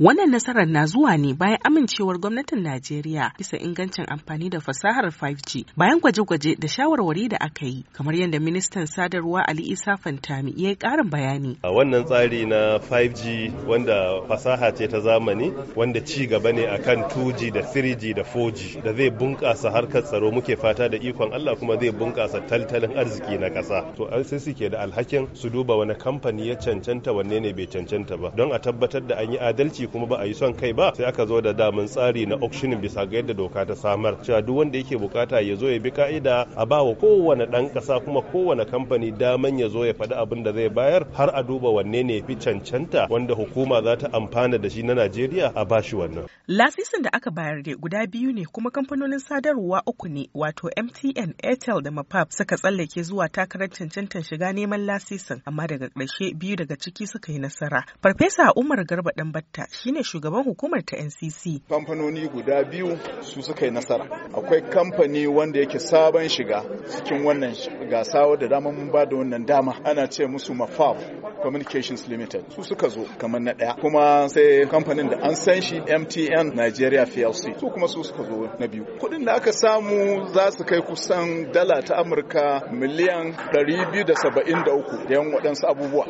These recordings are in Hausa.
Wannan nasarar na zuwa ne bayan amincewar gwamnatin Najeriya bisa ingancin amfani da fasahar 5G bayan gwaje-gwaje da shawarwari da aka yi kamar yadda ministan sadarwa Ali Isa Fantami ya yi ƙarin bayani. A wannan tsari na 5G wanda fasaha ce ta zamani wanda ci gaba ne akan 2G da 3G da 4G da zai bunƙasa harkar tsaro muke fata da ikon Allah kuma zai bunkasa tattalin arziki na ƙasa. To RCC ke da alhakin su duba wani kamfani ya cancanta wanne ne bai cancanta ba don a tabbatar da an yi adalci kuma ba a yi son kai ba sai aka zo da damun tsari na auctioning bisa ga yadda doka ta samar cewa duk wanda yake bukata ya zo ya bi ka'ida a ba wa kowane dan kasa kuma kowane kamfani daman ya zo ya faɗi abin da zai bayar har a duba wanne ne fi cancanta wanda hukuma za ta amfana da shi na Najeriya a bashi wannan. Lasisin da aka bayar da guda biyu ne kuma kamfanonin sadarwa uku ne wato MTN, Airtel da Mapap suka tsallake zuwa takarar cancantar shiga neman lasisin amma daga ƙarshe biyu daga ciki suka yi nasara. Farfesa Umar Garba Danbatta shine shugaban hukumar ta NCC. Kamfanoni guda biyu su suka yi nasara. Akwai kamfani wanda yake sabon shiga cikin wannan gasa da dama mun ba da wannan dama ana ce musu Mafab Communications Limited. Su suka zo kamar na ɗaya. Kuma sai kamfanin da an san shi MTN Nigeria PLC. Su kuma su suka zo na biyu. Kuɗin da aka samu za su kai kusan dala ta Amurka miliyan 273 da yan waɗansu abubuwa.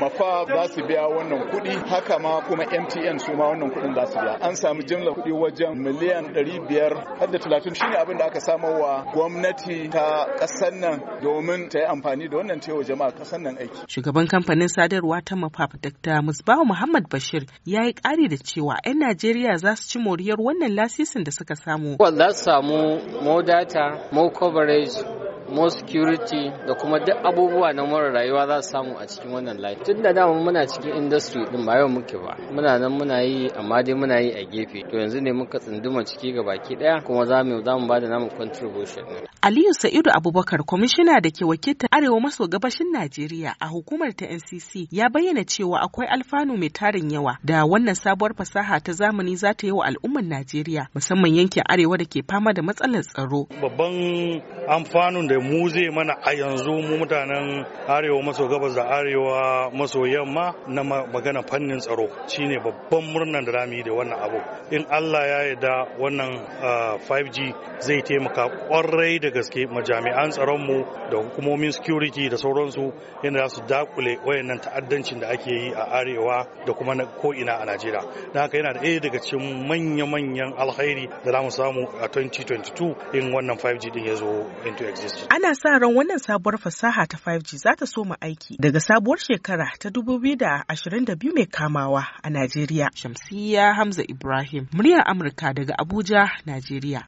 Mafab za su biya wannan kuɗi haka ma kuma MTN miliyan su ma wannan kuɗin ba su biya an samu jimla kuɗi wajen miliyan 500 har da 30 shine abin da aka samar wa gwamnati ta ƙasar nan domin ta yi amfani da wannan cewa jama'a ƙasar nan aiki shugaban kamfanin sadarwa ta mafaf dr musbahu muhammad bashir ya yi ƙari da cewa 'yan najeriya za su ci moriyar wannan lasisin da suka samu za samu more data more coverage more security da kuma duk abubuwa na mara rayuwa za su samu a cikin wannan life tun da dama muna cikin industry din ba yau muke ba muna nan muna yi amma dai muna yi a gefe to yanzu ne muka tsunduma ciki ga baki daya kuma za mu za mu ba da namu contribution Aliyu Sa'idu Abubakar kwamishina da ke wakiltar Arewa maso gabashin Najeriya a hukumar ta NCC ya bayyana cewa akwai alfanu mai tarin yawa da wannan sabuwar fasaha ta zamani za ta yi wa al'ummar Najeriya musamman yankin Arewa da ke fama da matsalar tsaro babban amfanun da mu zai mana a yanzu mu mutanen arewa maso gabas da arewa maso yamma na magana fannin tsaro shine babban murnan da rami da wannan abu in Allah ya yarda wannan 5G zai taimaka kwarai da gaske majami'an tsaron mu da hukumomin security da sauransu yadda za su dakule wayannan ta'addancin da ake yi a arewa da kuma ko ina a Najeriya dan haka yana da ɗaya daga cikin manya-manyan alkhairi da za mu samu a 2022 in wannan 5G din ya zo into existence Ana sa ran wannan sabuwar fasaha ta 5G za ta soma aiki daga sabuwar shekara ta 2022 mai kamawa a Najeriya. Shamsiyya Hamza Ibrahim, muryar Amurka daga Abuja, Najeriya.